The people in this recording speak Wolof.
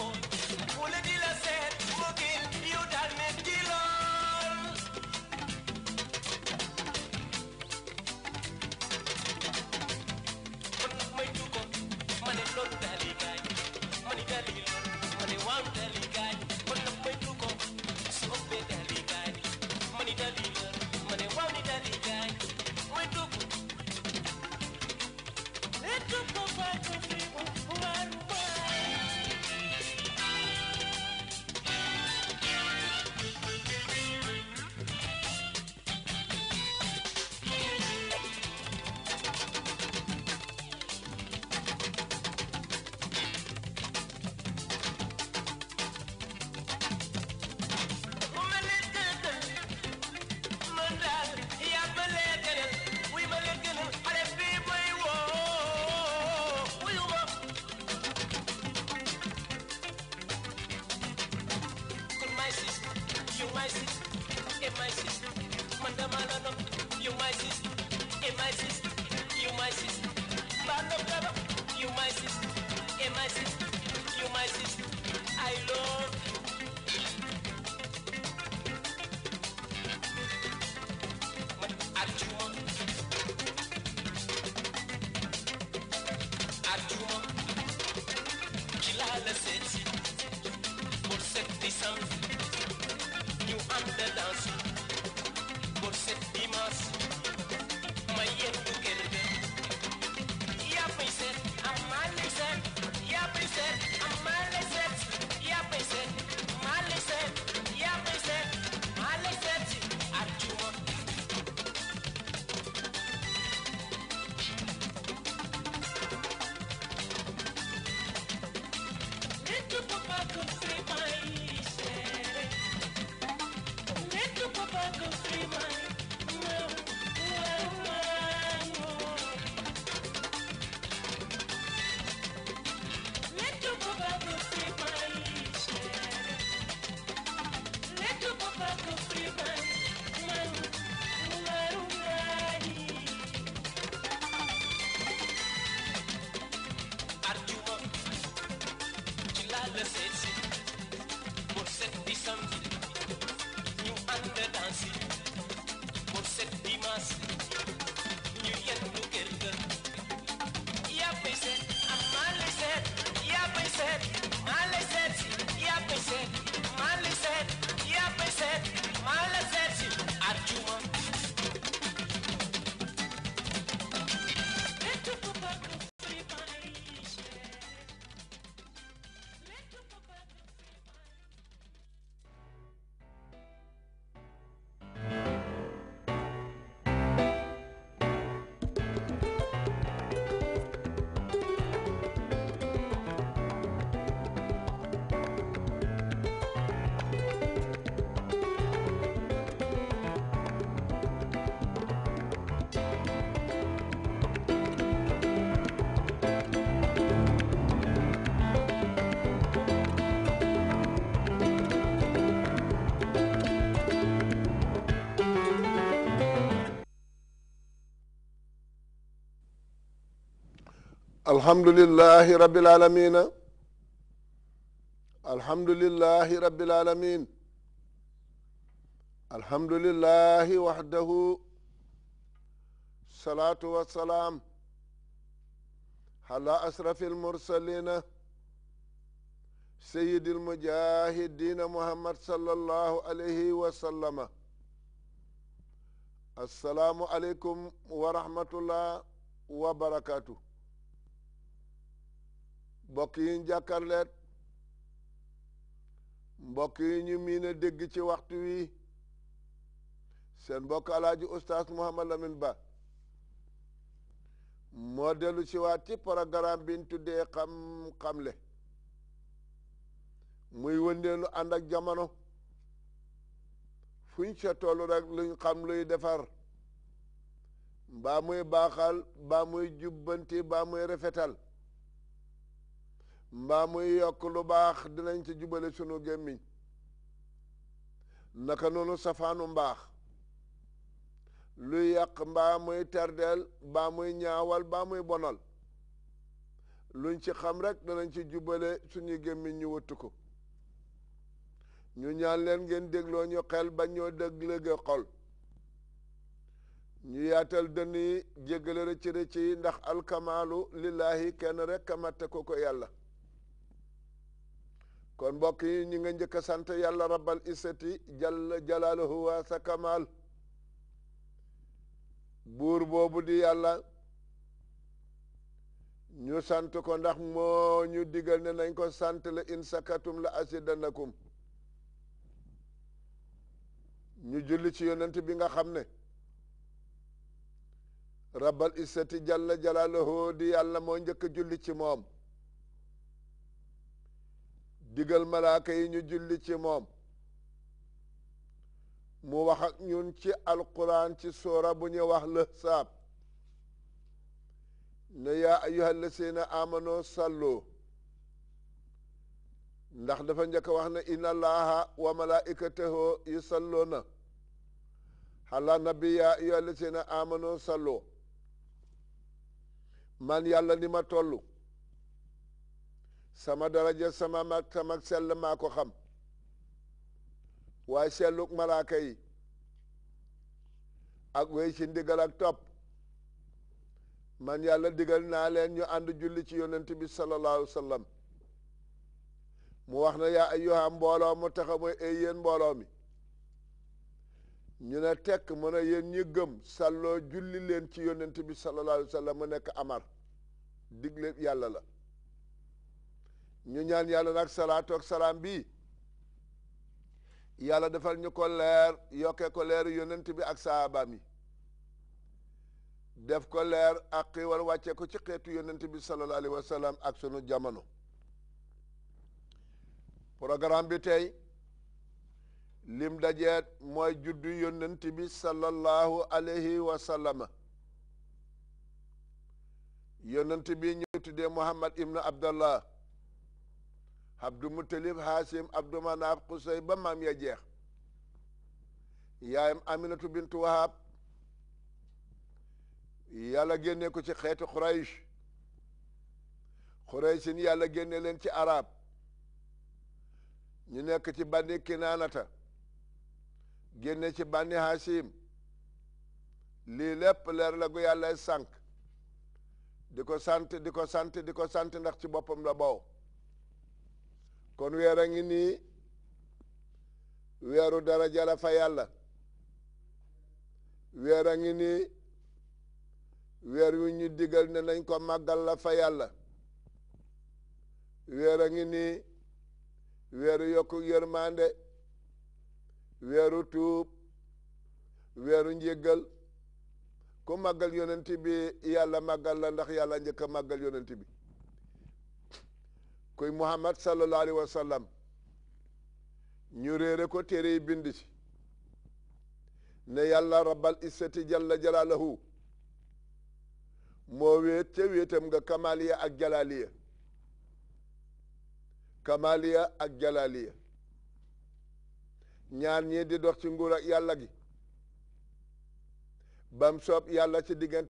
on. my sister, you my sister. brother, you my sister, and my sister, you my sister. I love you. Arjuma, Arjuma, pour Under Dance, pour the mass. Y a pesar, a maleser, y a pesar, a maleser, y a pesar, a y a pesar, a maleser. Archujo, tu papá, coste, maíz, de tu papá, coste. الحمد لله رب العالمين الحمد لله رب العالمين الحمد لله وحده الصلاة والسلام على أشرف المرسلين سيد المجاهدين محمد صلى الله عليه وسلم السلام عليكم ورحمة الله وبركاته bokk yi ñu mbokk yi ñu miin dégg ci waxtu wi seen mbokk alaaji oustaz Mouhamed Lamine Ba moo dellu ci waat ci programme bi ñu tuddee xam-xamle muy wëndeelu ànd ak jamono fuñ ca toll rek luñ xam luy defar mbaa muy baaxal mbaa muy jubbanti mbaa muy rafetal mbaa muy yokk lu baax dinañ ci jubale sunu gémmiñ naka noonu safaanu mbaax luy yàq mbaa muy terdeel baa muy ñaawal baa muy bonal luñ ci xam rek danañ ci jubale suñu gémmiñ ñu wëttu ko ñu ñaan leen ngeen dégloo ñu xel ba ñoo déglége xol ñu yaatal dënn yi jéggale rëcc rëcc yi ndax alkamaalu lillahi kenn rek kamate ko ko yàlla kon mbokk yi ñi nga njëkk a sant yàlla rabbal isati jalla jalaaluhu wa sa kamaal buur boobu di yàlla ñu sant ko ndax moo ñu digal ne nañ ko sant la in sakatum la asidanakum ñu julli ci yonent bi nga xam ne rabbal isati jalla jalaaluhu di yàlla moo njëkk a julli ci moom digal malaaka yi ñu julli ci moom mu wax ak ñun ci alquran ci soora bu ñu wax la saab ne yaa ayuha lasina amano sallo ndax dafa njëkk wax ne inna allaha wa malaikatahu yusalluna ala nabi yaa ayuha lasina amano sallo man yàlla ni ma tollu sama daraja sama mag sama sell maa ko xam waaye selluk malaaka yi ak wéy ci ndigal ak topp man yàlla digal naa leen ñu ànd julli ci yonent bi sallallahu alayhi mu wax na yaa ayyuha mbooloo mu taxaw mooy ay yéen mbooloo mi ñu ne tekk mu ne yéen ñi gëm salloo julli leen ci yonent bi sallallahu alayhi mu nekk amar digle yàlla la ñu ñaan yàlla nag salaatu ak salaam bi yàlla defal ñu ko leer yokkee ko leer yonent bi ak saabaam yi def ko leer ak xiiwal wàccee ci xeetu yonent bi sallallahu alayhi ak sunu jamono programme bi tey lim dajeet mooy juddu yonent bi sallallahu alayhi wa sallama yonent bi ñu tuddee Muhammad ibnu Abdallah Abdou Muttalib Haasim Abdou Manaaf Xusay ba maam ya jeex yaayam Aminatu bintu Wahab yàlla génne ko ci xeetu Quraysh Qurayshin yàlla génne leen ci arab ñu nekk ci bànni Kinaanata génne ci bànni Haasim lii lépp leer la gu yàlla sànq di ko sant di ko sant di ko sant ndax ci boppam la boow kon weer a ngi nii weeru daraja la fa yàlla weer ngi nii weer yu ñu digal ne nañ ko màggal la fa yàlla weer a ngi nii weeru yokku yërmande weeru tuub weeru njéggal ku màggal yonent bi yàlla màggal la ndax yàlla njëkk màggal bi koy muhammad sallallahu alayhi wa ñu réere ko téere yi bind ci ne yàlla rabbal izzati jalla jalaalahu moo wéet ca wéetam nga kamaliya ak jalaaliya kamaliya ak jalaaliya ñaar ñii di dox ci nguur ak yàlla gi bam soob yàlla ci diggante